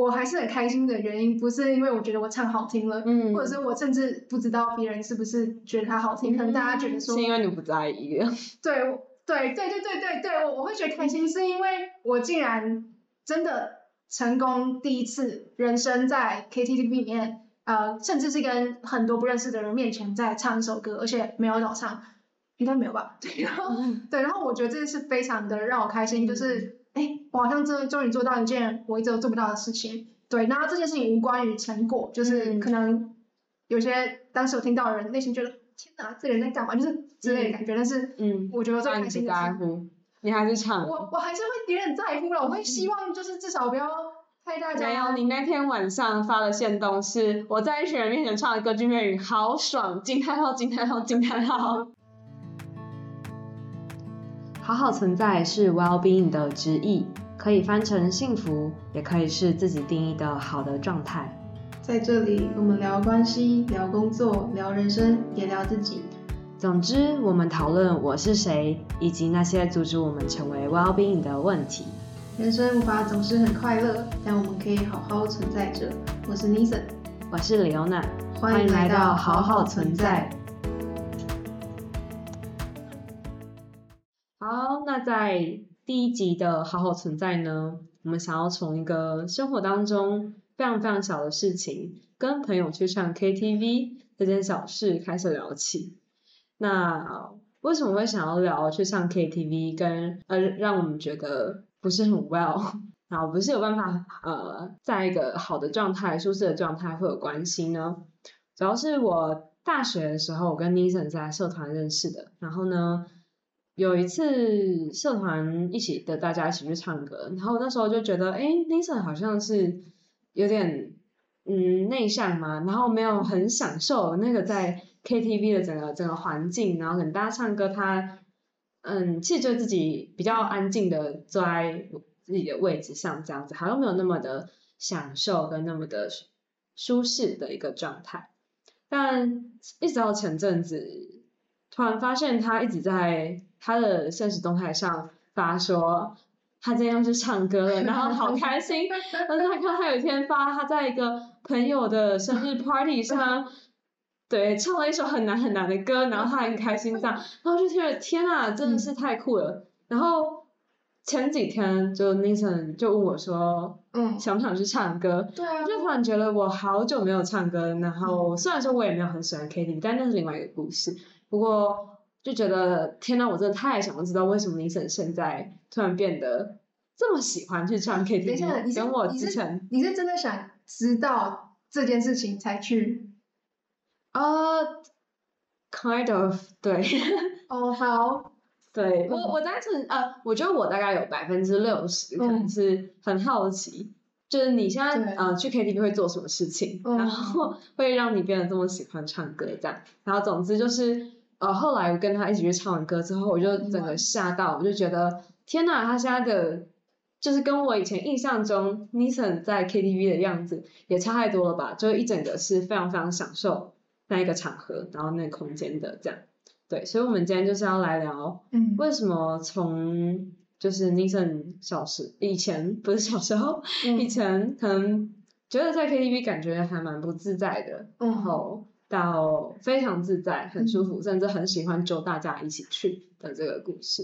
我還是很開心的原因，不是因為我覺得我唱好聽了，嗯，或者是我甚至不知道別人是不是覺得它好聽，嗯，可能大家覺得說是因為你不在意。對對對對對對對，我我會覺得開心，是因為我竟然真的成功第一次人生在 KTV 裡面，呃，甚至是跟很多不認識的人面前在唱一首歌，而且沒有老唱，應該沒有吧？對，然後對，然後我覺得這是非常的讓我開心，就是。嗯。我好像真的終於做到一件我一直都做不到的事情，對。那這件事情無關於成果，就是可能有些當時有聽到的人內心覺得，天哪，這人在幹嘛？就是之類的感覺。嗯、但是，嗯，我覺得最開心的是，你還是唱，我我還是會有點在乎了，我會希望就是至少不要太大家沒有。你那天晚上發的限動是我在一群人面前唱的歌劇魅影，好爽，驚嘆號，驚嘆號，驚嘆號。 好好存在是 well-being 的直譯，可以翻成幸福，也可以是自己定義的好的狀態。在這裡，我們聊關係，聊工作，聊人生，也聊自己。總之，我們討論我是誰，以及那些阻止我們成為 well-being 的問題。人生無法總是很快樂，但我們可以好好存在着。我是 Nisan，我是 Leona，歡迎來到好好存在。那在第一集的好好存在呢，我們想要從一個生活當中非常非常小的事情，跟朋友去唱 KTV 這件小事開始聊起。那為什麼會想要聊去唱 KTV？跟，呃，讓我們覺得不是很 well，然後不是有辦法呃，在一個好的狀態、舒適的狀態會有關係呢？主要是我大學的時候，我跟 Nathan 在社團認識的，然後呢？有一次社團一起的大家一起去唱歌，然後那時候就覺得，哎、欸，Nixon 好像是有點嗯內向嘛，然後沒有很享受那個在 KTV 的整個整個環境，然後跟大家唱歌，他嗯，其實就自己比較安靜的坐在自己的位置上這樣子，好像沒有那麼的享受跟那麼的舒適的一個狀態。但一直到前陣子，突然發現他一直在。他的現實動態上發說他今天要去唱歌了，然後好開心。然後他看他有一天發他在一個朋友的生日 party 上， 對，唱了一首很難很難的歌，然後他很開心這樣。然後就覺得天啊，真的是太酷了。嗯、然後前幾天就 Nathan 就問我說，嗯，想不想去唱歌？嗯、對啊，就突然覺得我好久沒有唱歌。然後雖然說我也沒有很喜歡 KTV，但那是另外一個故事。不過。就覺得天哪，我真的太想要知道為什麼你現在突然變得這麼喜歡去唱 KTV。等我，等我。你是你是,你是真的想知道這件事情才去？呃、uh,，kind of，對。哦、 oh, how? 對，好。對我，我單純呃，uh, 我覺得我大概有百分之六十可能是很好奇，oh. 就是你現在、oh. 呃去 KTV 會做什麼事情，oh. 然後會讓你變得這麼喜歡唱歌這樣，然後總之就是。呃，後來我跟他一起去唱完歌之後，我就整個嚇到，嗯啊、我就覺得天吶，他現在的就是跟我以前印象中 Nathan 在 KTV 的樣子也差太多了吧？就一整個是非常非常享受那一個場合，然後那個空間的這樣，對，所以我們今天就是要來聊，嗯，為什麼從就是 Nathan 小時以前不是小時候，嗯、以前可能覺得在 KTV 感覺還蠻不自在的，嗯，好。到非常自在、很舒服，嗯、甚至很喜歡，就大家一起去的這個故事。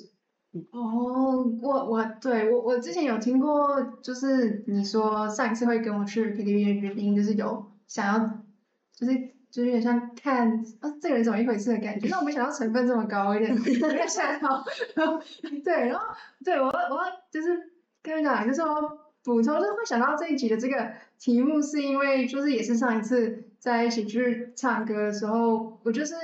哦、嗯 oh,，我對我對我我之前有聽過，就是你說上一次會跟我去 KTV 的原因，就是有想要、就是，就是就是有點像看啊、哦、這個人怎麼一回事的感覺。但我沒想到成分這麼高一，有點嚇到。然後對，然後對我我就是跟你講，就是,就是我補充，就會想到這一集的這個題目，是因為就是也是上一次。在一起去唱歌的時候，我就是，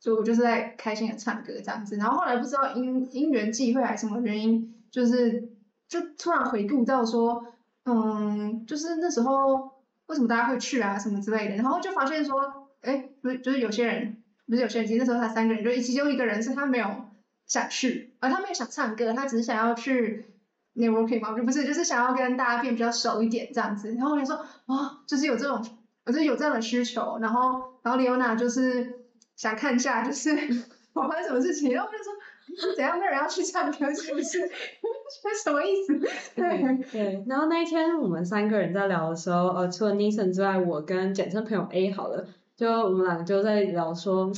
就我就是在開心的唱歌這樣子。然後後來不知道因因緣際會還是什麼原因，就是就突然回顧到說，嗯，就是那時候為什麼大家會去啊什麼之類的。然後就發現說，哎、欸，不是就是有些人不是有些人，其實那時候他三個人就一其中一個人是他沒有想去，而他沒有想唱歌，他只是想要去 networking 嗎？就不是，就是想要跟大家變比較熟一點這樣子。然後我就說，哇、哦，就是有這種。我就有這樣的需求，然後，然後 Liona 就是想看一下，就是我發生什麼事情。 然後我就說，怎樣個人要去唱歌是不是？ 什麼意思？對對,對。然後那一天我們三個人在聊的時候，呃、哦，除了 Nathan 之外，我跟簡稱朋友 A 好了，就我們兩個就在聊說，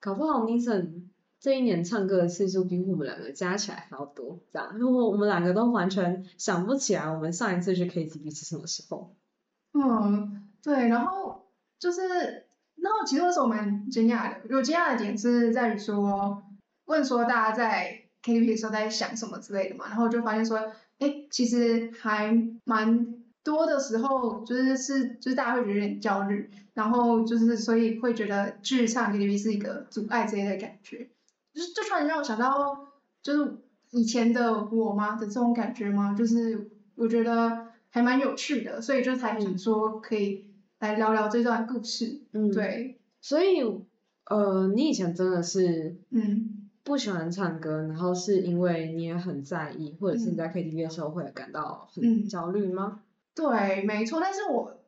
搞不好 Nathan 這一年唱歌的次數比我們兩個加起來還要多，這樣。然後我們兩個都完全想不起來，我們上一次去 K T V 是什麼時候。嗯。對，然後就是，然後其實我蠻驚訝的，有驚訝的點是在於說，問說大家在 KTV 的時候在想什麼之類的嘛，然後就發現說，哎，其實還蠻多的時候，就是是，就是大家會覺得有點焦慮，然後就是所以會覺得去唱 KTV 是一個阻礙之類的感覺，就是就突然讓我想到，就是以前的我嗎的這種感覺嘛，就是我覺得還蠻有趣的，所以就才想說可以來聊聊這段故事，嗯，對，所以，呃，你以前真的是，嗯，不喜歡唱歌，嗯、然後是因為你也很在意，嗯、或者是你在 K T V 的時候會感到很焦慮嗎、嗯？對，沒錯，但是我，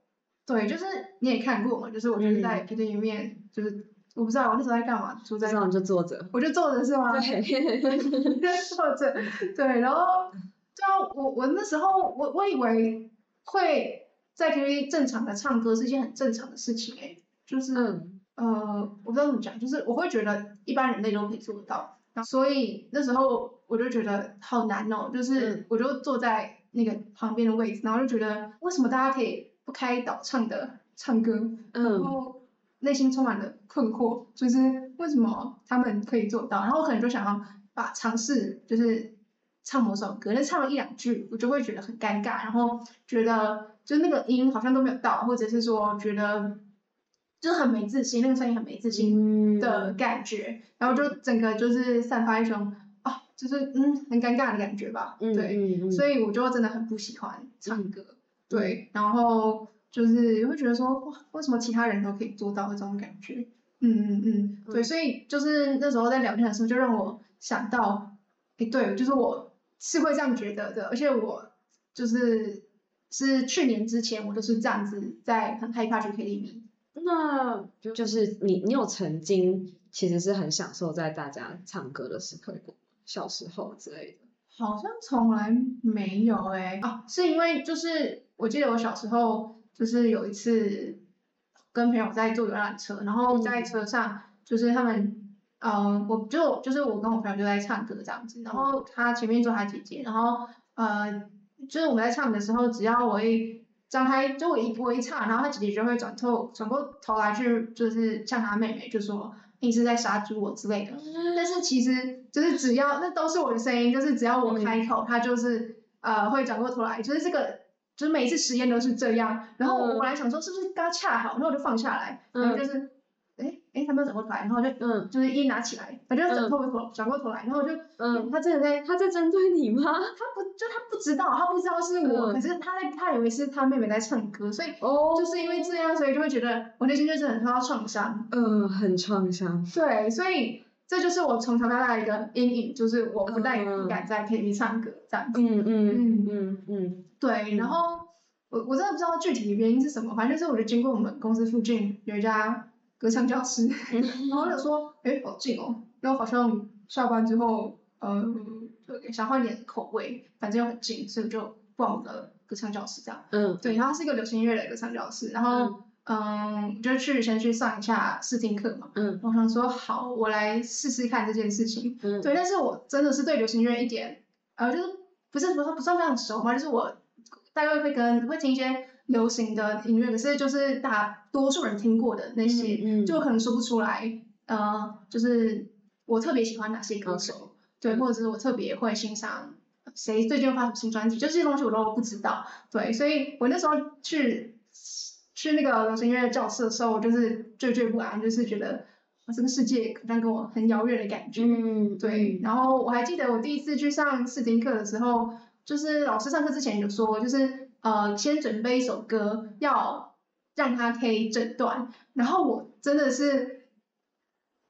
對，就是你也看過嘛，就是我就是在 K T V 面，嗯嗯就是我不知道我那時候在幹嘛，坐在，就坐着，我就坐着是嗎？對，坐着，對，然後，就我我那時候我我以為會。在 KTV 正常的唱歌是一件很正常的事情哎、欸，就是、嗯、呃，我不知道怎麼講，就是我會覺得一般人類都可以做得到，所以那時候我就覺得好難哦，就是我就坐在那個旁邊的位置，嗯、然後就覺得為什麼大家可以不開導唱的唱歌，嗯、然後內心充滿了困惑，就是為什麼他們可以做得到，然後我可能就想要把嘗試就是。唱某首歌，那唱了一兩句，我就會覺得很尷尬，然後覺得就那個音好像都沒有到，或者是說覺得就很沒自信，那個聲音很沒自信的感覺，嗯、然後就整個就是散發一種啊，就是嗯很尷尬的感覺吧。對，嗯嗯嗯、所以我就真的很不喜歡唱歌，嗯、對，然後就是會覺得說哇，為什麼其他人都可以做到這種感覺？嗯嗯嗯，對，嗯、所以就是那時候在聊天的時候，就讓我想到，誒，對，就是我。是會這樣覺得的，而且我就是是去年之前我都是這樣子在，在很害怕去 KTV。那就就是你你有曾經其實是很享受在大家唱歌的時刻，小時候之類的。好像從來沒有誒、欸、哦、啊，是因為就是我記得我小時候就是有一次跟朋友在坐遊覽車，然後在車上就是他們。嗯，我就就是我跟我朋友就在唱歌這樣子，然後他前面坐他姐姐，然後呃，就是我們在唱的時候，只要我一張開，就我一我一唱，然後他姐姐就會轉頭轉過頭來去，就是像他妹妹就說你是在殺豬我之類的，嗯、但是其實就是只要那都是我的聲音，就是只要我開口，嗯、他就是呃會轉過頭來，就是這個就是每一次實驗都是這樣，然後我本來想說是不是剛恰好，那我就放下來，然後、嗯嗯、就是。哎哎，他沒有轉過頭來，然後我就，嗯，就是一拿起來，反正就轉過頭轉過頭來，然後我就，嗯，他真的在，他在針對你嗎？他不，就他不知道，他不知道是我，可是他在，他以為是他妹妹在唱歌，所以，哦，就是因為這樣，所以就會覺得我內心，就是很創傷。嗯，很創傷。對，所以這就是我從小到大的一個陰影，就是我不太敢在 KTV 唱歌這樣子。嗯嗯嗯嗯嗯。對，然後我我真的不知道具體原因是什麼，反正就是我就經過我們公司附近有一家，歌唱教室， 然後就說，哎、欸，好近哦，因為我好像下班之後，嗯，就想換一點口味，反正又很近，所以就就報了歌唱教室這樣。嗯，對，然後是一個流行音樂的歌唱教室，然後嗯，嗯，就去先去上一下試聽課嘛。嗯，我想說，好，我來試試看這件事情。嗯，對，但是我真的是對流行音樂一點，呃，就是不是不是不算非常熟嘛，就是我大概會跟會聽一些。流行的音樂，可是就是大多數人聽過的那些，嗯嗯、就可能說不出來。呃，就是我特別喜歡哪些歌手，熟對，或者是我特別會欣賞誰最近發什麼新專輯，就是、這些東西我都不知道。對，所以我那時候去去那個流行音樂教室的時候，我就是惴惴不安，就是覺得這個世界好像跟我很遙遠的感覺。嗯，對。然後我還記得我第一次去上試聽課的時候，就是老師上課之前有說，就是。呃，先準備一首歌，要讓他可以診斷。然後我真的是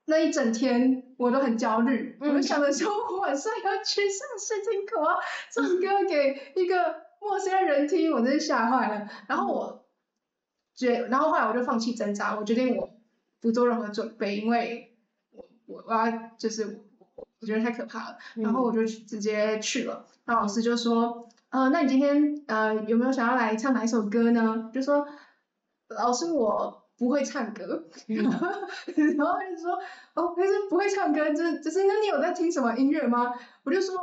那一整天我都很焦慮，我就想着說我 晚上要去上試鏡課，唱、這個、歌給一個陌生人聽，我真是嚇壞了。然後我決，然後後來我就放棄掙扎，我決定我不做任何準備，因為我我我、啊、要就是我覺得太可怕了。 然後我就直接去了，那老師就說。呃，那你今天呃有沒有想要來唱哪一首歌呢？就說老師我不會唱歌， 然後他就說哦，就是不會唱歌，就是就是那你有在聽什麼音樂嗎？我就說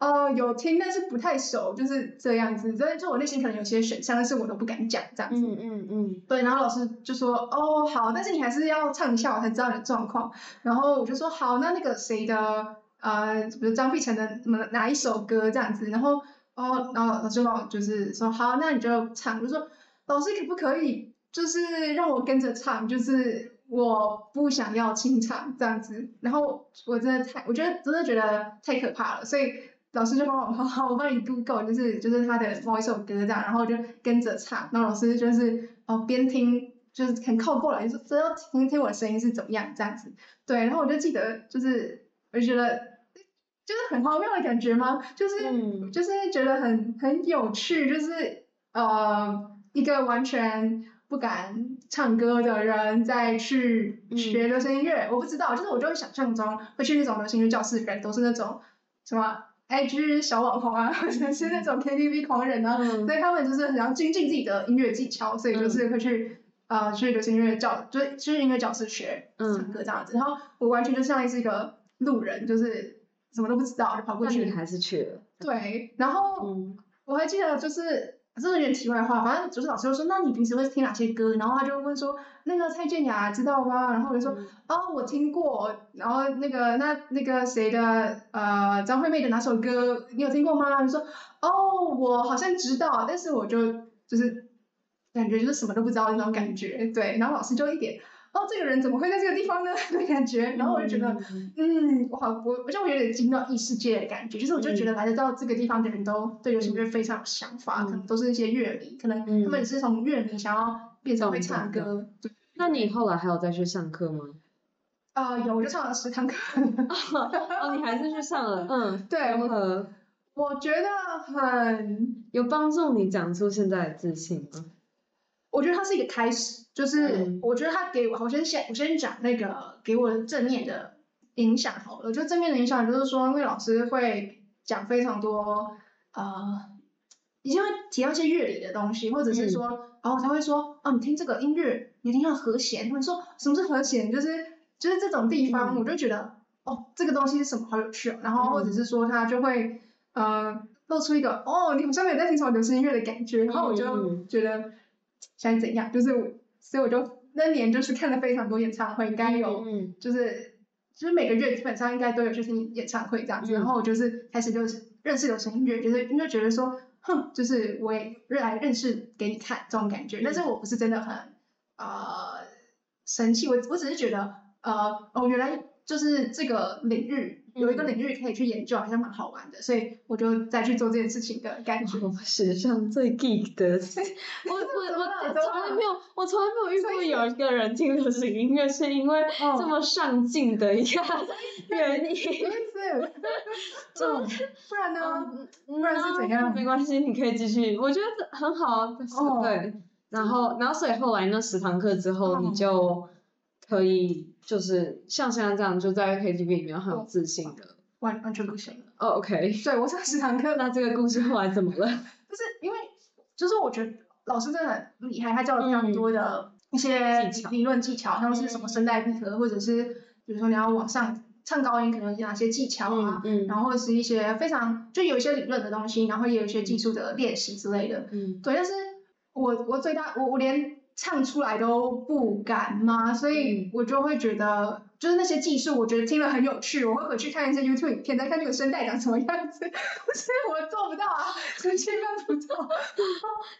呃有聽，但是不太熟，就是這樣子。所以就我內心可能有些選項，但是我都不敢講這樣子。嗯嗯嗯。嗯嗯對，然後老師就說哦好，但是你還是要唱一下，我才知道你的狀況。然後我就說好，那那個誰的呃，比如張碧晨的什麼哪一首歌這樣子，然後。哦，oh, 然後老師讓我就是說好，那你就唱。就說老師可不可以就是讓我跟着唱？就是我不想要清唱這樣子。然後我真的太，我覺得真的覺得太可怕了。所以老師就幫我好，我幫你 Google，就是就是他的某一首歌這樣。然後就跟着唱。然後老師就是哦邊聽，就是很靠過來，說只要聽聽我的聲音是怎麼樣這樣子。對，然後我就記得就是，我就覺得。就是很荒謬的感覺嗎？就是、嗯、就是覺得很很有趣，就是呃一個完全不敢唱歌的人在去學流行音樂，嗯、我不知道，就是我就會想象中會去那種流行音樂教室的人，人都是那種什麼 IG 小網紅啊，或者、嗯、 是那種 KTV 狂人啊，嗯、所以他們就是想要精進自己的音樂技巧，所以就是會去啊、嗯呃、去流行音樂教就是去音樂教室學、嗯、唱歌這樣子，然後我完全就是像是一個路人，就是。什麼都不知道就跑過去，那你還是去了。對，然後、嗯、我還記得就是這有點題外話，反正主持老師就說：“那你平時會聽哪些歌？”然後他就問說：“那個蔡健雅知道嗎？”然後我就說：“嗯、哦，我聽過。”然後那個那那個誰的呃張惠妹的哪首歌你有聽過嗎？就說：“哦，我好像知道，但是我就就是感覺就是什麼都不知道那種感覺。”對，然後老師就一點。哦，這個人怎麼會在這個地方呢？的感覺，然後我就覺得，嗯，我好，我我就有點驚到異世界的感覺，就是我就覺得來到這個地方的人都對流行樂非常有想法，可能都是一些樂迷，可能他們也是從樂迷想要變成會唱歌。對。那你後來還有再去上課嗎？啊，有，我就上了十堂課。哦，你還是去上了，嗯，對，我覺得很有幫助，你講出現在的自信我覺得它是一個開始，就是我覺得它給我，好、嗯。先先我先講那個給我的正面的影響好了，就正面的影響就是說，嗯、因為老師會講非常多，呃，就會提到一些樂理的東西，或者是說，然後、嗯哦、他會說，啊、哦，你聽這個音樂，你聽這個和弦，他們說什麼是和弦，就是就是這種地方，嗯、我就覺得，哦，這個東西是什麼，好有趣哦、啊。然後或者是說，他就會，嗯、呃，露出一個，哦，你好像沒在聽什麼流行音樂的感覺，然後我就覺得。嗯嗯想怎樣，就是，我，所以我就那年就是看了非常多演唱會，應該有，嗯、就是，就是每個月基本上應該都有去聽演唱會這樣子，嗯、然後我就是開始就是認識有聲音樂，就是因為覺得說，哼，就是我也來認識給你看這種感覺，嗯、但是我不是真的很啊生氣，我我只是覺得，呃，哦，原來。就是這個領域有一個領域可以去研究，好像蠻好玩的，所以我就再去做這件事情的感覺。我們史上最 geek 的，我我我從來沒有，我從來沒有遇過有一個人聽流行音樂是因為這麼上進的一個原因。就不然呢？不然是怎樣？沒關係，你可以繼續，我覺得很好。哦，對，然後然後所以後來那十堂課之後，你就可以。就是像現在這樣，就在 KTV 裡面很有自信的，哦、完完全不行。哦、oh、OK，對，我上十堂課，那這個故事後來怎麼了？ 就是因為，就是我覺得老師真的很厲害，他教了非常多的一些理論技巧，嗯、技巧，像是什麼聲帶閉合，嗯、或者是比如說你要往上唱高音，可能有哪些技巧啊，嗯。嗯，然後是一些非常就有一些理論的東西，然後也有一些技術的練習之類的。嗯，對，但是我我最大我我連。唱出來都不敢嗎？所以我就會覺得，嗯、就是那些技術，我覺得聽了很有趣，我會回去看一下 YouTube 影片，再看這個聲帶長什麼樣子。 不是，我做不到啊，真的 做不到。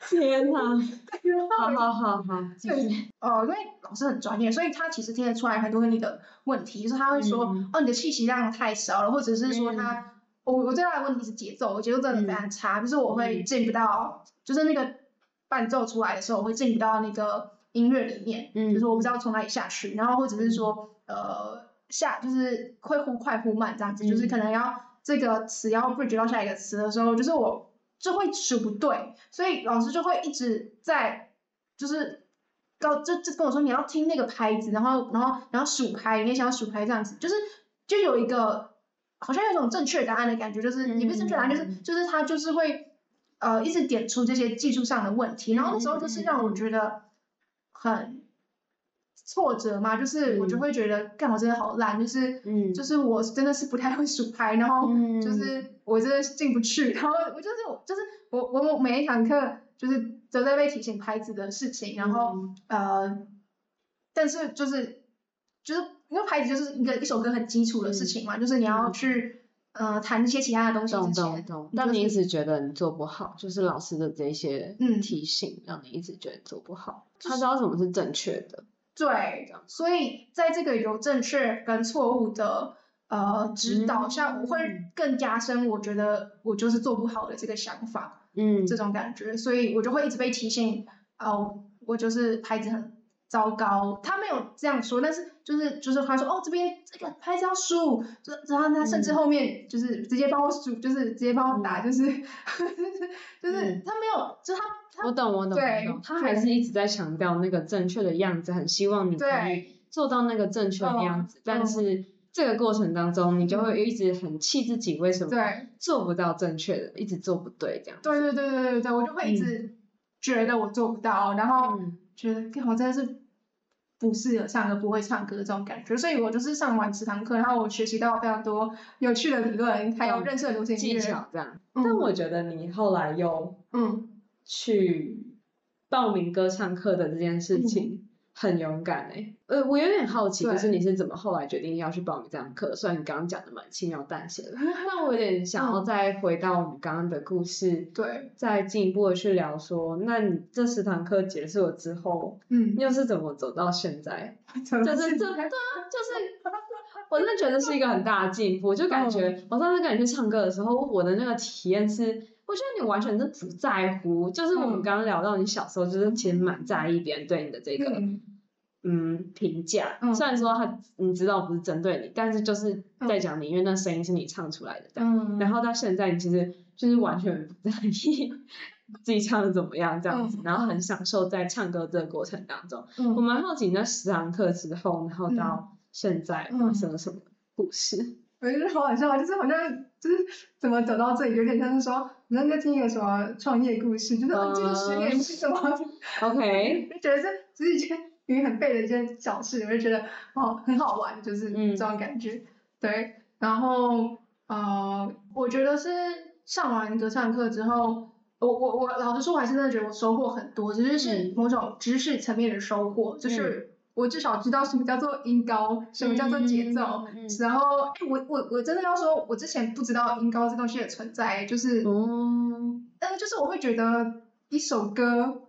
天吶。好好好好，繼續哦。因為老師很專業，所以他其實聽得出來很多你的問題，就是他會說，嗯、哦，你的氣息量太少了，或者是說他，我、嗯哦、我最大的問題是節奏，我節奏真的非常差，嗯、就是我會見不到，嗯、就是那個。伴奏出來的時候，我會進入到那個音樂裡面，嗯，就是我不知道從哪裡下去，然後或者是說，嗯、呃，下就是會忽快忽慢這樣子，嗯、就是可能要這個詞要 bridge 到下一個詞的時候，就是我就會數不對，所以老師就會一直在、就是，就是告，就就跟我說你要聽那個拍子，然後然後然後數拍，你也想要數拍這樣子，就是就有一個好像有一種正確答案的感覺，就是也不是正確答案就是、嗯、就是他就是會。呃，一直點出這些技術上的問題，然後那時候就是讓我覺得很挫折嘛，嗯、就是我就會覺得，幹、嗯、我真的好爛，就是，嗯、就是我真的是不太會數拍，然後就是我真的進不去，嗯、然後我就是，我就是我我我每一堂課就是都在被提醒拍子的事情，然後、嗯、呃，但是就是就是因為拍子就是一個一首歌很基礎的事情嘛，嗯、就是你要去。嗯呃，談一些其他的東西之前，動動動，但你一直覺得你做不好，就是、就是老師的這些提醒讓你一直覺得做不好。他、嗯、知道什麼是正確的。對，所以在這個有正確跟錯誤的呃指導下，嗯、我會更加深我覺得我就是做不好的這個想法，嗯，這種感覺，所以我就會一直被提醒，哦、呃，我就是拍子很。糟糕，他沒有這樣說，但是就是就是他說哦，這邊這個拍子要數，就然後他、嗯、甚至後面就是直接幫我數，就是直接幫我打，嗯、就是 就是他沒有，嗯、就他我懂我懂，我懂對，他還是一直在強調那個正確的樣子，很希望你可以做到那個正確的樣子，對但是這個過程當中，你就會一直很氣自己為什麼做不到正確的，一直做不對這樣子。對對對對對對，我就會一直覺得我做不到，然後。嗯覺得我真的是不適合唱歌，不會唱歌這種感覺，所以我就是上完十堂課，然後我學習到非常多有趣的理論，還有認識的東西，嗯、技巧這樣。嗯、但我覺得你後來又嗯去報名歌唱課的這件事情。嗯很勇敢誒、欸、呃，我有點好奇，就是你是怎麼後來決定要去報名這堂課？對雖然你剛剛講的蠻輕描淡寫的，但我有點想要再回到我們剛剛的故事，對，再進一步的去聊說，那你這十堂課結束了之後，嗯，又是怎麼走到現在？嗯、就是這，對啊，就是我真的覺得是一個很大的進步，我就感覺我上次跟你去唱歌的時候，我的那個體驗是。我覺得你完全都不在乎，就是我們剛剛聊到你小時候，嗯、就是其實蠻在意別人對你的這個，嗯，評價、嗯。嗯、雖然說他你知道不是針對你，但是就是在講你，嗯、因為那聲音是你唱出來的，這、嗯、然後到現在，你其實就是完全不在意自己唱的怎麼樣這樣子，嗯、然後很享受在唱歌這個過程當中。嗯、我蠻好奇，那十堂課之後，然後到現在，發生了什麼故事？我覺得好好笑，就是好像就是怎麼走到這裡，就有點像是說。你在聽有什麼創業故事？Uh, 就是很這個十年是什麼？OK，覺得這自己一件因為很背的一件小事，就覺得哦，很好玩，就是這種感覺。嗯、對，然後呃，我覺得是上完歌唱課之後，我我我老實說，我還是真的覺得我收穫很多，這就是某種知識層面的收穫，嗯、就是。我至少知道什麼叫做音高，什麼叫做節奏。嗯、然後，我我我真的要說，我之前不知道音高這東西的存在，就是，嗯、哦，但是、呃、就是我會覺得一首歌，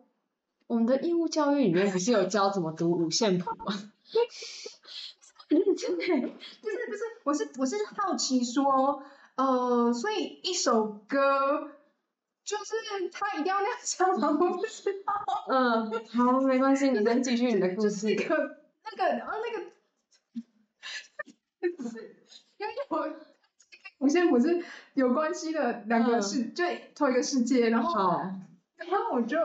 我們的義務教育裡面不是有教怎麼讀五線譜嗎？真的，不是不是，我是我是好奇說，呃，所以一首歌。就是他一定要那樣唱嗎？我不知道。 嗯，好，沒關係，你再繼續你的故事。 就是那、就是、個那個，然後那個，只是 因為和紅線譜是有關係的兩個世，uh, 就同一個世界。然後，uh. 然後我就，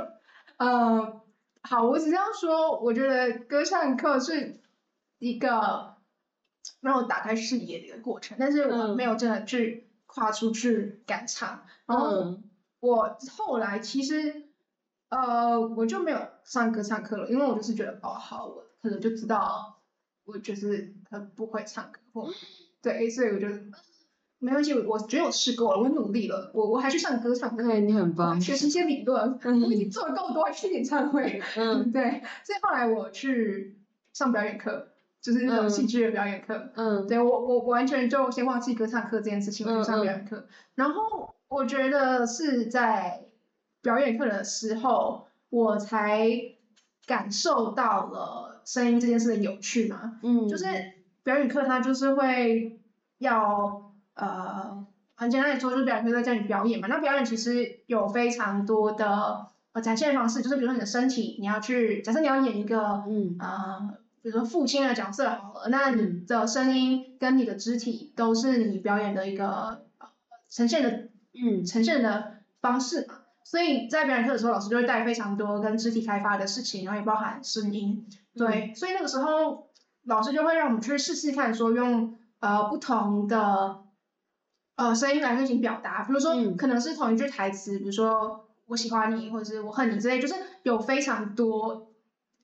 嗯，uh, 好，我只想說。我覺得歌唱課是一個讓我、uh. 打開視野的一個過程，但是我沒有真的去跨出去敢唱。Uh. 然後。Uh. 我後來其實，呃，我就沒有上歌唱課了，因為我就是覺得哦，好，我可能就知道，我就是很不會唱歌。對，所以我覺得沒關係，我，我覺得我試過了，我努力了，我，我還是上歌唱課。對，你很棒。學一些理論， 我已經做了夠多，還去演唱會。嗯，對。所以後來我去上表演課，就是那種戲劇的表演課。嗯，對我，我完全就先忘記歌唱課這件事情，我就、嗯、上表演課，嗯、然後。我覺得是在表演課的時候，我才感受到了聲音這件事的有趣嘛。嗯，就是表演課它就是會要呃，很簡單來說，就是表演課在教你表演嘛。那表演其實有非常多的呃展現方式，就是比如說你的身體，你要去假設你要演一個嗯呃，比如說父親的角色，好了，那你的聲音跟你的肢體都是你表演的一個、呃、呈現的。嗯，呈現的方式嘛，嗯、所以在表演課的時候，老師就會帶非常多跟肢體開發的事情，然後也包含聲音。嗯、對，所以那個時候老師就會讓我們去試試看，說用呃不同的呃聲音來進行表達，比如說可能是同一句台詞，嗯、比如說我喜歡你，或者是我恨你之類，就是有非常多，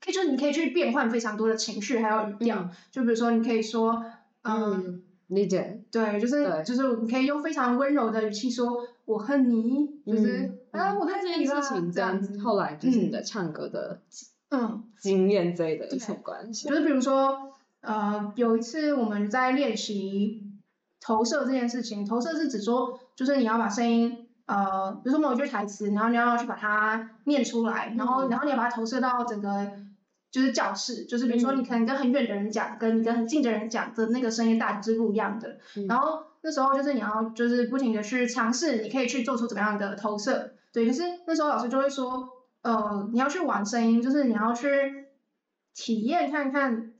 可以就是你可以去變換非常多的情緒，還有語調，嗯、就比如說你可以說、呃、嗯。理解。對，就是對就是你可以用非常溫柔的語氣說“我恨你”，就是、嗯、啊，嗯、我恨、啊、這件事情這樣子。樣子，嗯、後來就是你的，唱歌的，嗯，經驗之類的這一層關係。就是比如說，呃，有一次我們在練習投射這件事情。投射是指說，就是你要把聲音，呃，比如說某一句台詞，然後你要去把它念出來，然後然後你要把它投射到整個。就是教室，就是比如說你可能跟很遠的人講，嗯、跟你跟很近的人講的那個聲音大小是不一樣的。嗯、然後那時候就是你要就是不停的去嘗試，你可以去做出怎麼樣的投射。對，可是那時候老師就會說，呃，你要去玩聲音，就是你要去體驗看看，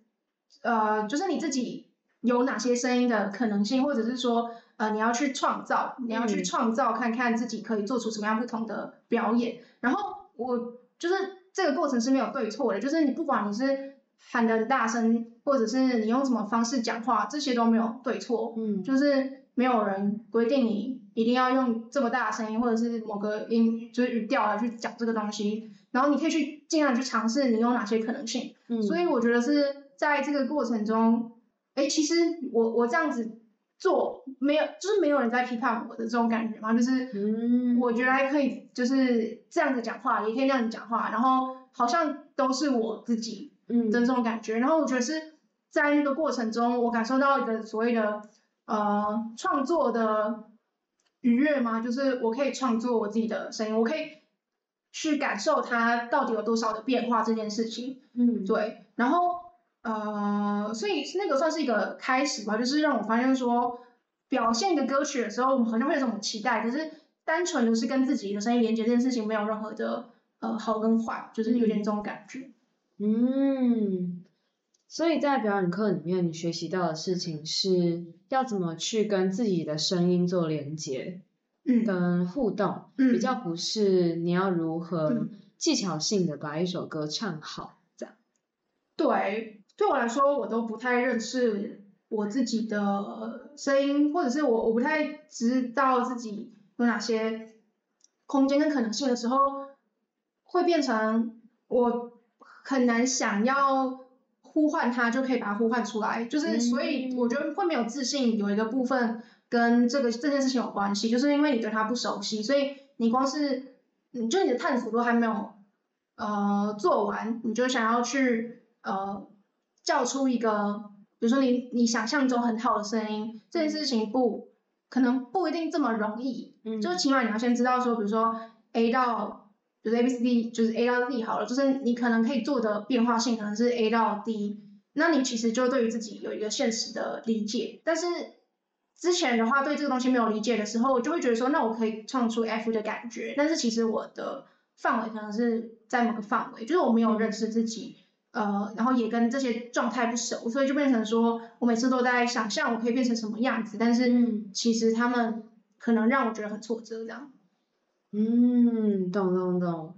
呃，就是你自己有哪些聲音的可能性，或者是說，呃，你要去創造，你要去創造看看自己可以做出什麼樣不同的表演。嗯、然後我就是。這個過程是沒有對錯的，就是你不管你是喊得很大聲，或者是你用什麼方式講話，這些都沒有對錯。嗯，就是沒有人規定你一定要用這麼大的聲音，或者是某個音，就是語調來去講這個東西。然後你可以去盡量去嘗試你有哪些可能性。嗯，所以我覺得是在這個過程中，誒，其實我我這樣子。做沒有，就是沒有人在批判我的這種感覺嘛，就是我覺得還可以就是這樣子講話，也可以這樣子講話，然後好像都是我自己的這種感覺。嗯，然後我覺得是在那個過程中，我感受到一個所謂的呃創作的愉悅嗎？就是我可以創作我自己的聲音，我可以去感受它到底有多少的變化這件事情。嗯，對。然後。啊，uh, 所以那個算是一個開始吧，就是讓我發現說，表現一個歌曲的時候，我們好像會有這種期待，可是單純就是跟自己的聲音連接這件事情沒有任何的呃好跟壞，就是有點這種感覺。嗯，嗯，所以在表演課裡面，你學習到的事情是要怎麼去跟自己的聲音做連接，嗯，跟互動，嗯，比較不是你要如何技巧性的把一首歌唱好這樣。對。對我來說，我都不太認識我自己的聲音，或者是我我不太知道自己有哪些空間跟可能性的時候，會變成我很難想要呼喚它就可以把它呼喚出來。就是所以我覺得會沒有自信，有一個部分跟這個這件事情有關係，就是因為你對它不熟悉，所以你光是你就你的探索都還沒有呃做完，你就想要去呃。叫出一個，比如說你你想象中很好的聲音，這件事情不可能不一定這麼容易，嗯，就起碼你要先知道說，比如說 A 到就是 A B C D 就是 A 到 D 好了，就是你可能可以做的變化性可能是 A 到 D，那你其實就對於自己有一個現實的理解。但是之前的話對這個東西沒有理解的時候，我就會覺得說，那我可以唱出 F 的感覺，但是其實我的範圍可能是在某個範圍，就是我沒有認識自己。嗯呃，然後也跟這些狀態不熟，所以就變成說我每次都在想象，我可以變成什麼樣子，但是、嗯、其實他們可能讓我覺得很挫折，這樣。嗯，懂懂懂，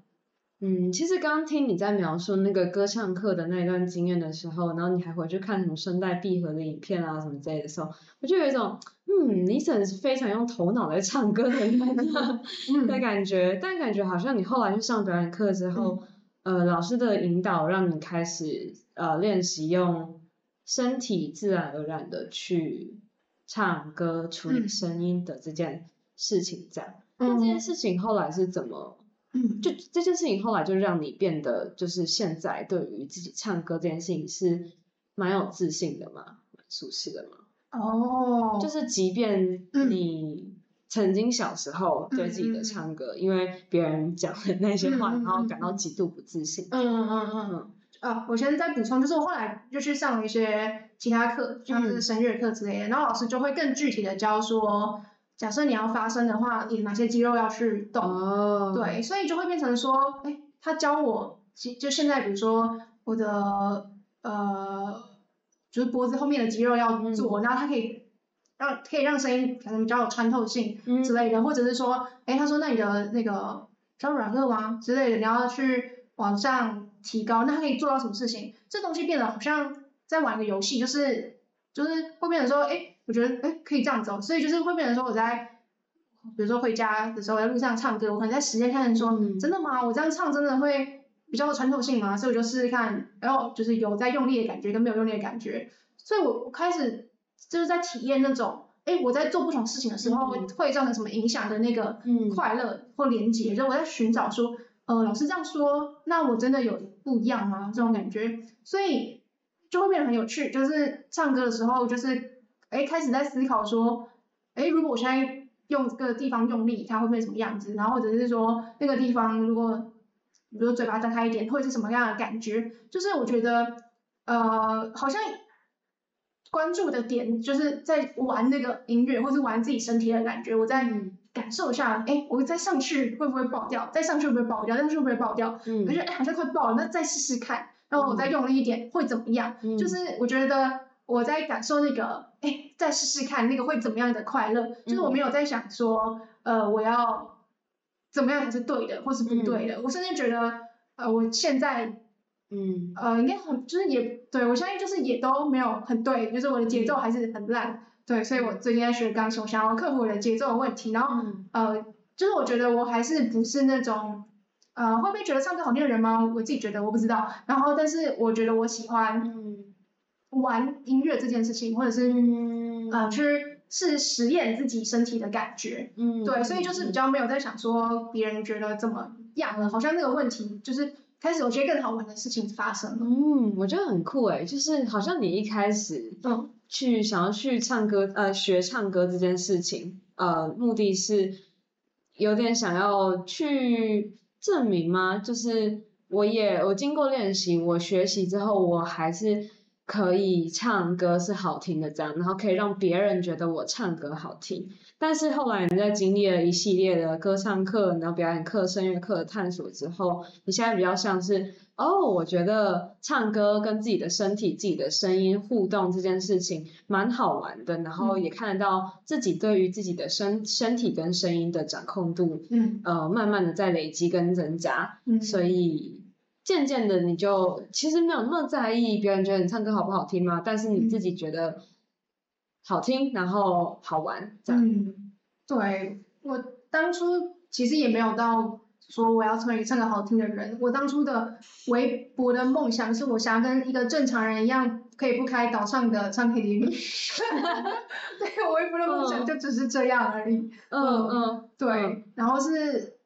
嗯，其實剛剛聽你在描述那個歌唱課的那一段經驗的時候，然後你還回去看什麼聲帶閉合的影片啊什麼之類的，時候，我就有一種嗯，你是非常用頭腦來唱歌的、 嗯、 那感覺，的感覺，嗯、但感覺好像你後來去上表演課之後。嗯呃，老師的引導讓你開始呃練習用身體自然而然的去唱歌，處理聲音的這件事情，這樣。那、嗯、這件事情後來是怎麼？嗯，就這件事情後來就讓你變得，就是現在對於自己唱歌這件事情是蠻有自信的嗎？蠻舒適的嗎？哦，就是即便你。嗯曾經小時候對自己的唱歌，嗯、因為別人講的那些話，嗯、然後感到極度不自信。嗯嗯嗯嗯。嗯嗯啊，我現在在補充，就是我後來就去上了一些其他課，像是聲樂課之類的，嗯、然後老師就會更具體的教說，假設你要發聲的話，你哪些肌肉要去動。哦。對，所以就會變成說，哎，他教我，就現在比如說我的呃，就是脖子後面的肌肉要做，嗯、然後他可以。讓可以讓聲音感覺比較有穿透性之類的，嗯、或者是說，哎、欸，他說，那你的那個比較軟弱嗎之類的，你要去往上提高，那他可以做到什麼事情？這東西變得好像在玩個遊戲，就是就是會變成說，哎、欸，我覺得哎、欸、可以這樣走、哦，所以就是會變成說我在，比如說回家的時候我在路上唱歌，我可能在時間看說、嗯、真的嗎？我這樣唱真的會比較有穿透性嗎？所以我就試試看，然、哦、後就是有在用力的感覺跟沒有用力的感覺，所以我開始。就是在體驗那種，哎，我在做不同事情的時候會造成什麼影響的那個快樂或連接。然後、嗯、我在尋找說，呃，老師這樣說，那我真的有不一樣嗎？這種感覺，所以就會變得很有趣。就是唱歌的時候，就是哎，開始在思考說，哎，如果我現在用個地方用力，它會變什麼樣子？然後或者是說那個地方，如果比如說嘴巴張開一點，會是什麼樣的感覺？就是我覺得，呃，好像。關注的點就是在玩那個音樂，或是玩自己身體的感覺。我在感受一下，哎、嗯欸，我再上去會不會爆掉？再上去會不會爆掉？再上去會不會爆掉？我覺得哎，好像快爆了，那再試試看。然後我再用力一點，嗯、會怎麼樣？嗯、就是我覺得我在感受那個，哎、欸，再試試看那個會怎麼樣的快樂。嗯、就是我沒有在想說，呃，我要怎麼樣才是對的，或是不對的。嗯、我甚至覺得，呃，我現在。嗯，呃，應該很，就是也，對我相信就是也都沒有很對，就是我的節奏還是很爛，嗯、對，所以我最近在學鋼琴，我想要克服我的節奏的問題，然後，嗯、呃，就是我覺得我還是不是那種，呃，會不會覺得唱歌好聽的人嗎？我自己覺得我不知道，然後但是我覺得我喜歡，玩音樂這件事情，或者是，啊、呃，去是實驗自己身體的感覺，嗯，對，所以就是比較沒有在想說別人覺得怎麼樣了，好像那個問題就是。開始，我覺得更好玩的事情發生了。嗯，我覺得很酷誒、欸、就是好像你一開始嗯去想要去唱歌，嗯、呃，學唱歌這件事情，呃，目的是有點想要去證明嗎？就是我也我經過練習，我學習之後，我還是。可以唱歌是好聽的，這樣，然後可以讓別人覺得我唱歌好聽。但是後來你在經歷了一系列的歌唱課、然後表演課、聲樂課的探索之後，你現在比較像是哦，我覺得唱歌跟自己的身體、自己的聲音互動這件事情蠻好玩的，然後也看得到自己對於自己的身身體跟聲音的掌控度，嗯，呃，慢慢的在累積跟增加，嗯哼，所以。漸漸的，你就其實沒有那麼在意別人覺得你唱歌好不好聽嘛，但是你自己覺得好聽，嗯、然後好玩。這樣嗯，對，我當初其實也沒有到說我要成為唱歌好聽的人，我當初的微薄的夢想是，我想要跟一個正常人一樣，可以不開島上的唱 KTV。對 微薄的夢想就只是這樣而已。嗯嗯，嗯，對，嗯、然後是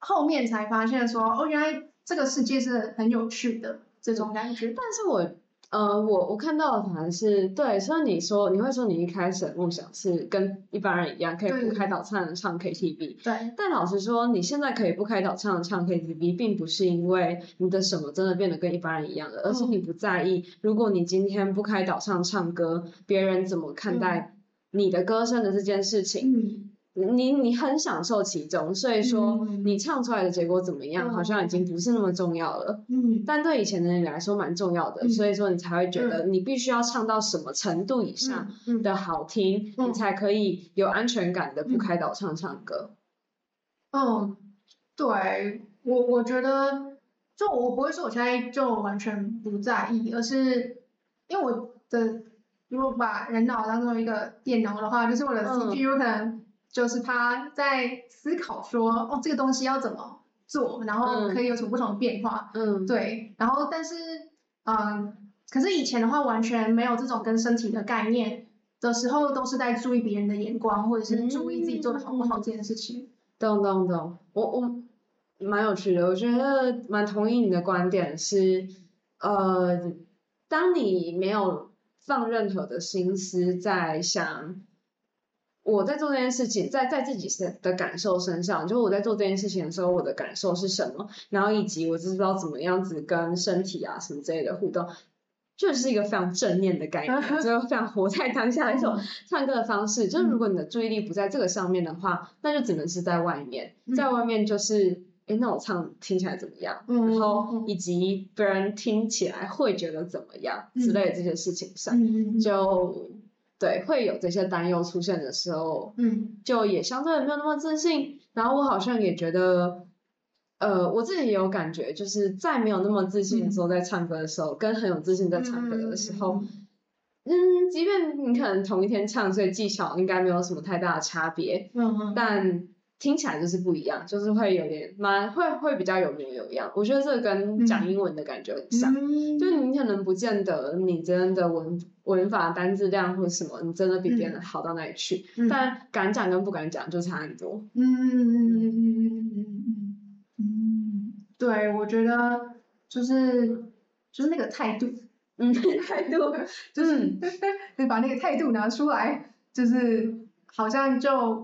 後面才發現說，哦，原來。這個世界是很有趣的這種感覺，但是我，呃，我我看到的反而是對，所以你說你會說你一開始的夢想是跟一般人一樣，可以不開導唱唱 KTV，對。但老實說，你現在可以不開導唱唱 KTV，並不是因為你的什麼真的變得跟一般人一樣了，而是你不在意，嗯、如果你今天不開導唱唱歌，別人怎麼看待你的歌聲的這件事情。嗯你你很享受其中，所以說你唱出來的結果怎麼樣，嗯、好像已經不是那麼重要了。嗯，但對以前的人來說蠻重要的，嗯、所以說你才會覺得你必須要唱到什麼程度以上的好聽，嗯嗯、你才可以有安全感的不開導唱唱歌。嗯，對，我我覺得就我不會說我現在就完全不在意，而是因為我的如果把人腦當做一個電腦的話，就是我的 CPU 可能。就是他在思考說，哦，這個東西要怎麼做，然後可以有什麼不同的變化。嗯，嗯對。然後，但是，嗯，可是以前的話完全沒有這種跟身體的概念的時候，都是在注意別人的眼光，或者是注意自己做的好不好這件事情。懂懂懂，我我蠻有趣的，我覺得蠻同意你的觀點，是呃，當你沒有放任何的心思在想，我在做這件事情，在在自己身的感受身上，就是我在做這件事情的時候，我的感受是什麼，然後以及我知不知道怎麼樣子跟身體啊什麼之類的互動，就是一個非常正念的概念，嗯、就是非常活在當下的一種唱歌的方式。嗯、就是如果你的注意力不在這個上面的話，那就只能是在外面，嗯、在外面就是，哎，那我唱聽起來怎麼樣？嗯、然後以及別人聽起來會覺得怎麼樣、嗯、之類的這些事情上，嗯、就。對，會有這些擔憂出現的時候，嗯，就也相對沒有那麼自信。然後我好像也覺得，呃，我自己也有感覺，就是在沒有那麼自信的時候，在唱歌的時候，嗯、跟很有自信在唱歌的時候，嗯，嗯，嗯，嗯，即便你可能同一天唱，所以技巧應該沒有什麼太大的差別，嗯嗯哼，但。聽起來就是不一樣，就是會有點蠻會會比較有模有樣。我覺得這個跟講英文的感覺很像，嗯、就是你可能不見得你真的文文法單字量或者什麼，你真的比別人好到哪裡去，嗯、但敢講跟不敢講就差很多。嗯嗯嗯嗯嗯嗯嗯嗯，對，我覺得就是就是那個態度，嗯， 態度就是 你把那個態度拿出來，就是好像就。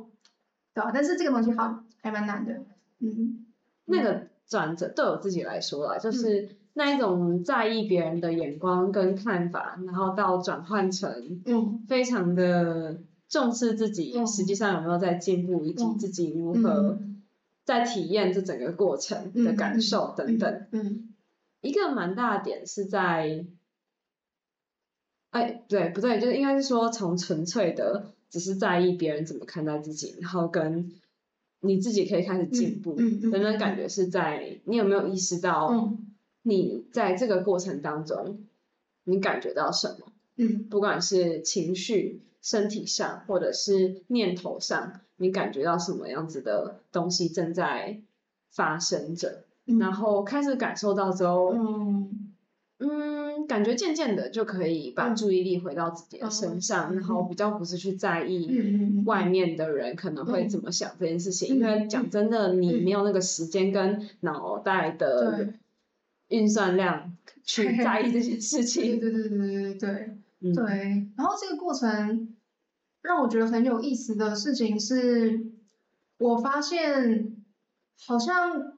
但是這個東西好還蠻難的。嗯，那個轉折對我自己來說啊，嗯、就是那一種在意別人的眼光跟看法，嗯、然後到轉換成，嗯，非常的重視自己，實際上有沒有在進步，以及自己如何在體驗這整個過程的感受等等。嗯，嗯嗯嗯嗯嗯嗯一個蠻大的點是在，哎，對，不對，就是應該是說從純粹的。只是在意別人怎麼看待自己，然後跟你自己可以開始進步，嗯嗯嗯、等等感覺是在你有沒有意識到，你在這個過程當中，嗯、你感覺到什麼？嗯、不管是情緒、身體上，或者是念頭上，你感覺到什麼樣子的東西正在發生着，嗯、然後開始感受到之後，嗯。嗯感覺漸漸的就可以把注意力回到自己的身上，嗯、然後比較不是去在意外面的人可能會怎麼想這件事情。嗯嗯嗯嗯、因為講真的，你沒有那個時間跟腦袋的運算量去在意這些事情對。對對對對對對對，對，對、嗯、對。然後這個過程讓我覺得很有意思的事情是，我發現好像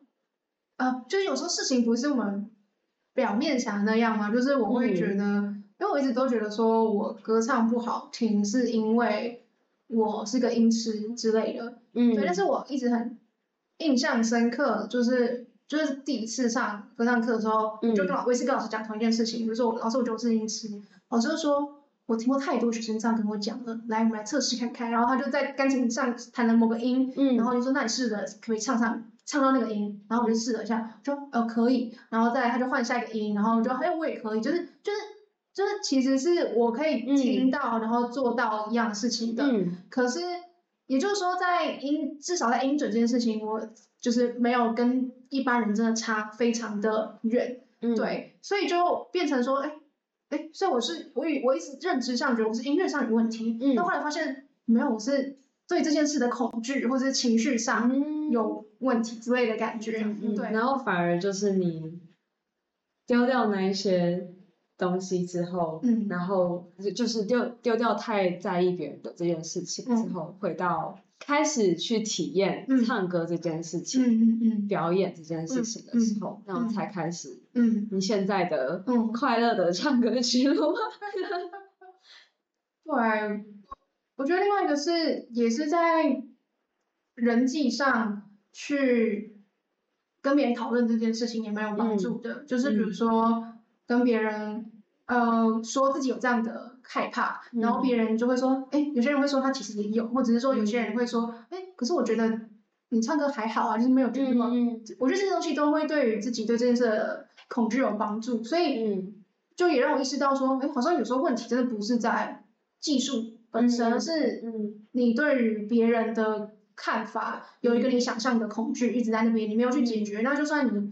啊，就是有時候事情不是我們。表面想的那樣嗎？啊？就是我會覺得，嗯、因為我一直都覺得說我歌唱不好聽，是因為我是個音痴之類的。嗯。對，但是我一直很印象深刻，就是就是第一次上歌唱課的時候，嗯、就跟老師跟老師講同一件事情，就是我老師我覺得我是音痴，老師就說我聽過太多學生這樣跟我講了，來我們來測試看看，然後他就在鋼琴上彈了某個音，嗯、然後就說那你試着可以唱唱。唱到那個音，然後我就試了一下，說呃可以，然後再他就換下一個音，然後我就哎我也可以，就是就是就是其實是我可以聽到，嗯、然後做到一樣的事情的。嗯、可是也就是說，在音至少在音準這件事情，我就是沒有跟一般人真的差非常的遠。嗯、對，所以就變成說，哎哎，所以我是我與我一直認知上覺得我是音樂上有問題，嗯、但後來發現沒有，我是對這件事的恐懼或者情緒上有問題之類的感覺，嗯，嗯，對然後反而就是你丟掉那一些東西之後，嗯，然後就就是丟丟掉太在意別人的這件事情之後，嗯、回到開始去體驗唱歌這件事情，嗯嗯嗯，表演這件事情的時候，嗯嗯嗯然後才開始，嗯，你現在的快樂的唱歌之路，嗯、 對，我覺得另外一個是也是在人際上。去跟別人討論這件事情也蠻有幫助的，嗯、就是比如說跟別人、嗯、呃說自己有這樣的害怕，嗯、然後別人就會說，哎、欸，有些人會說他其實也有，或者是說有些人會說，哎、欸，可是我覺得你唱歌還好啊，就是沒有覺得。嗯，我覺得這些東西都會對於自己對這件事的恐懼有幫助，所以就也讓我意識到說，哎、欸，好像有時候問題真的不是在技術本身，而是你對於別人的。看法，有一個你想象的恐懼一直在那邊，你沒有去解決，嗯、那就算你的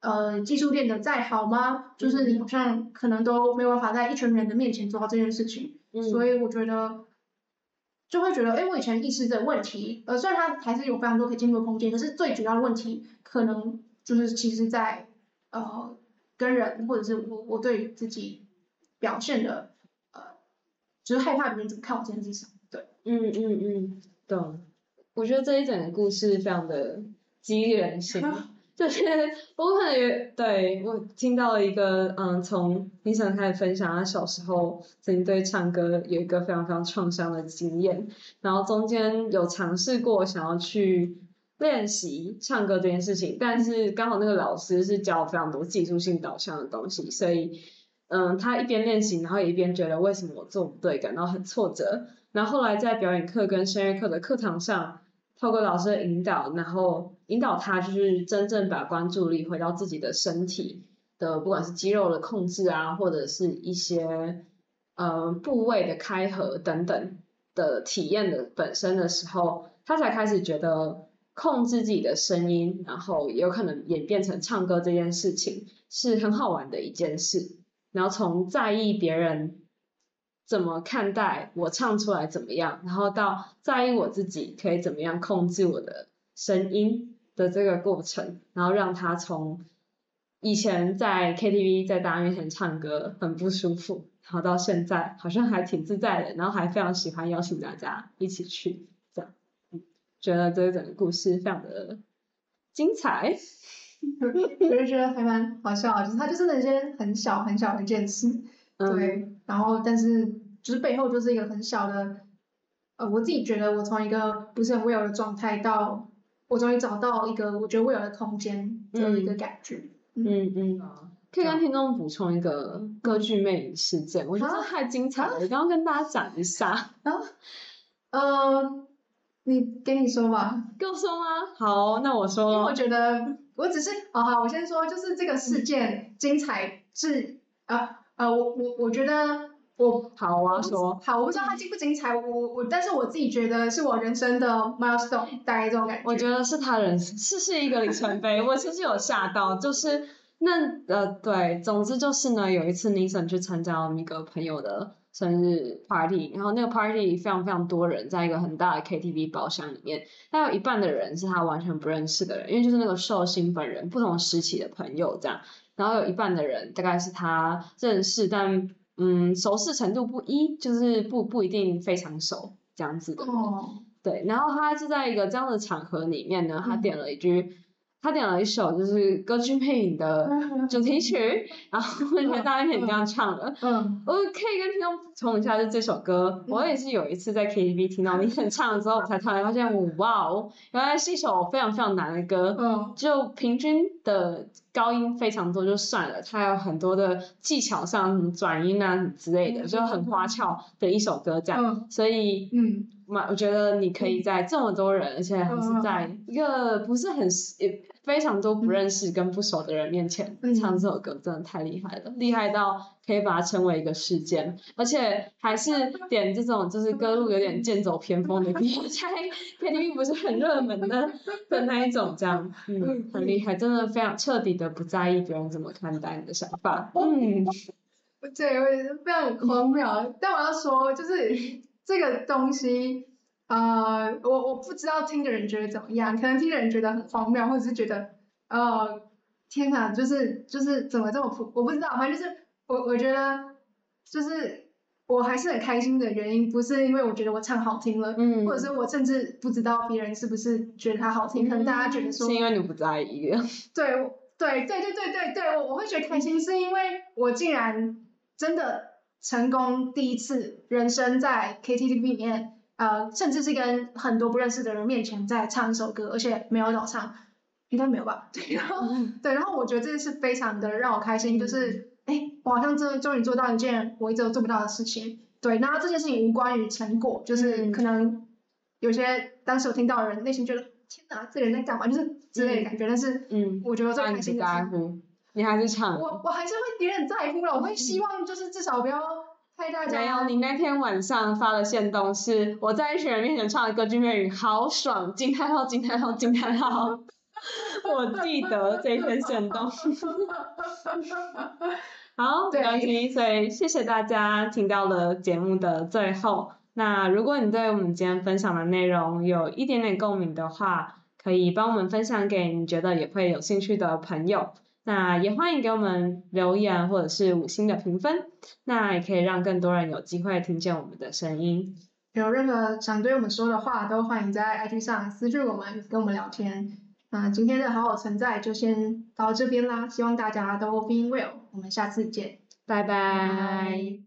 呃技術練得再好嘛，就是你好像可能都沒辦法在一群人的面前做到這件事情。嗯。所以我覺得就會覺得，哎、欸，我以前意識的問題，呃，雖然它還是有非常多可以進步的空間，可是最主要的問題可能就是其實在呃跟人或者是我我對自己表現的呃，就是害怕別人怎麼看我這件事情。對。嗯嗯嗯，懂、嗯。嗯我覺得這一整個故事非常的激勵人心，就是我可能也對我聽到了一個，嗯，從醫生開始分享他小時候曾經對唱歌有一個非常非常創傷的經驗，然後中間有嘗試過想要去練習唱歌這件事情，但是剛好那個老師是教我非常多技術性導向的東西，所以嗯，他一邊練習，然後也一邊覺得為什麼我做不對，感到很挫折，然後後來在表演課跟聲樂課的課堂上。透過老師的引導，然後引導他就是真正把關注力回到自己的身體的，不管是肌肉的控制啊，或者是一些嗯，呃，部位的開合等等的體驗的本身的時候，他才開始覺得控制自己的聲音，然後也有可能演變成唱歌這件事情是很好玩的一件事，然後從在意別人。怎麼看待我唱出來怎麼樣？然後到在意我自己可以怎麼樣控制我的聲音的這個過程，然後讓他從以前在 KTV 在大家面前唱歌很不舒服，然後到現在好像還挺自在的，然後還非常喜歡邀請大家一起去這樣，嗯，覺得這一整個故事非常的精彩， 我就覺得還蠻好笑，就是他就是那些很小很小的一件事，對。嗯然後，但是就是背後就是一個很小的，呃，我自己覺得我從一個不是很 well-being 的狀態到我終於找到一個我覺得 well-being 的空間的一個感覺。嗯嗯。可以跟聽眾補充一個歌劇魅影事件，嗯、我覺得太精彩了，你、啊、剛剛跟大家講一下。啊？嗯、啊呃，你跟你說吧，跟我說嗎？好、哦，那我說、哦、因為我覺得我只是，好好，我先說，就是這個事件、嗯、精彩是啊。啊、呃，我我我覺得我好啊，我要說好，我不知道他精不精彩，我我但是我自己覺得是我人生的 milestone，大概這種感覺。我覺得是他人是是一個里程碑， 我其實有嚇到，就是那呃對，總之就是呢，有一次 Nissan 去參加我們一個朋友的生日 party，然後那個 party 非常非常多人，在一個很大的 K T V 包廂裡面，他有一半的人是他完全不認識的人，因為就是那個壽星本人不同時期的朋友這樣。然後有一半的人，大概是他認識，但嗯，熟識程度不一，就是不不一定非常熟這樣子的、oh. 對。然後他就在一個這樣的場合裡面呢，他點了一句，嗯、他點了一首就是《歌劇魅影》的主題曲，嗯、然後大家一起這樣唱了。嗯，我可以跟聽眾補充一下，就是這首歌，嗯、我也是有一次在 KTV 聽到別人唱的時候，我才突然發現哇、哦，哇原來是一首非常非常難的歌，嗯、就平均。的高音非常多就算了，他有很多的技巧上轉音啊之類的，嗯嗯、就很花俏的一首歌這樣，嗯、所以嗯，我覺得你可以在這麼多人，嗯、而且還是在一個不是很。嗯欸非常多不認識跟不熟的人面前唱這首歌，嗯、真的太厲害了，厲害到可以把它稱為一個事件，而且還是點這種就是歌路有點劍走偏鋒的地方、嗯。在 K T V 不是很熱門的、嗯、的那一種，這樣，嗯，很厲害，真的非常徹底的不在意別人怎麼看待你的想法，嗯，對、嗯，我覺得非常荒謬，嗯、但我要說，就是這個東西。啊、呃，我我不知道聽的人覺得怎麼樣，可能聽的人覺得很荒謬，或者是覺得，呃，天哪，就是就是怎麼這麼普？我不知道，反正就是我我覺得就是我還是很開心的原因，不是因為我覺得我唱好聽了，嗯，或者是我甚至不知道別人是不是覺得他好聽，嗯、可能大家覺得說是因為你不在意。對對對對對對對，我我會覺得開心，是因為我竟然真的成功第一次人生在 KTV 裡面。呃，甚至是跟很多不認識的人面前在唱一首歌，而且沒有老唱，應該沒有吧？對、啊，然後 對，然後我覺得這個是非常的讓我開心，嗯、就是哎，我好像這終於做到一件我一直都做不到的事情。對，那這件事情無關於成果，就是可能有些當時有聽到的人內心覺得天哪，這人在幹嘛，就是之類的感覺，嗯、但是嗯，我覺得這開心的事情、嗯，嗯、我你還是唱，我我還是會有點在乎了，我會希望就是至少不要。嗨大家好，你那天晚上發的限動，是我在一群人面前唱的歌劇魅影，好爽，驚嘆號，驚嘆號，驚嘆號！ 我記得這份限動。 好，不要急，所以謝謝大家聽到了節目的最後。那如果你對我們今天分享的內容有一點點共鳴的話，可以幫我們分享給你覺得也會有興趣的朋友。那也歡迎給我們留言，或者是五星的評分，那也可以讓更多人有機會聽見我們的聲音。有任何想對我們說的話，都歡迎在 IG 上私信我們，跟我們聊天。那、呃、今天的好好存在就先到這邊啦，希望大家都 being well，我們下次見，拜拜 bye。Bye bye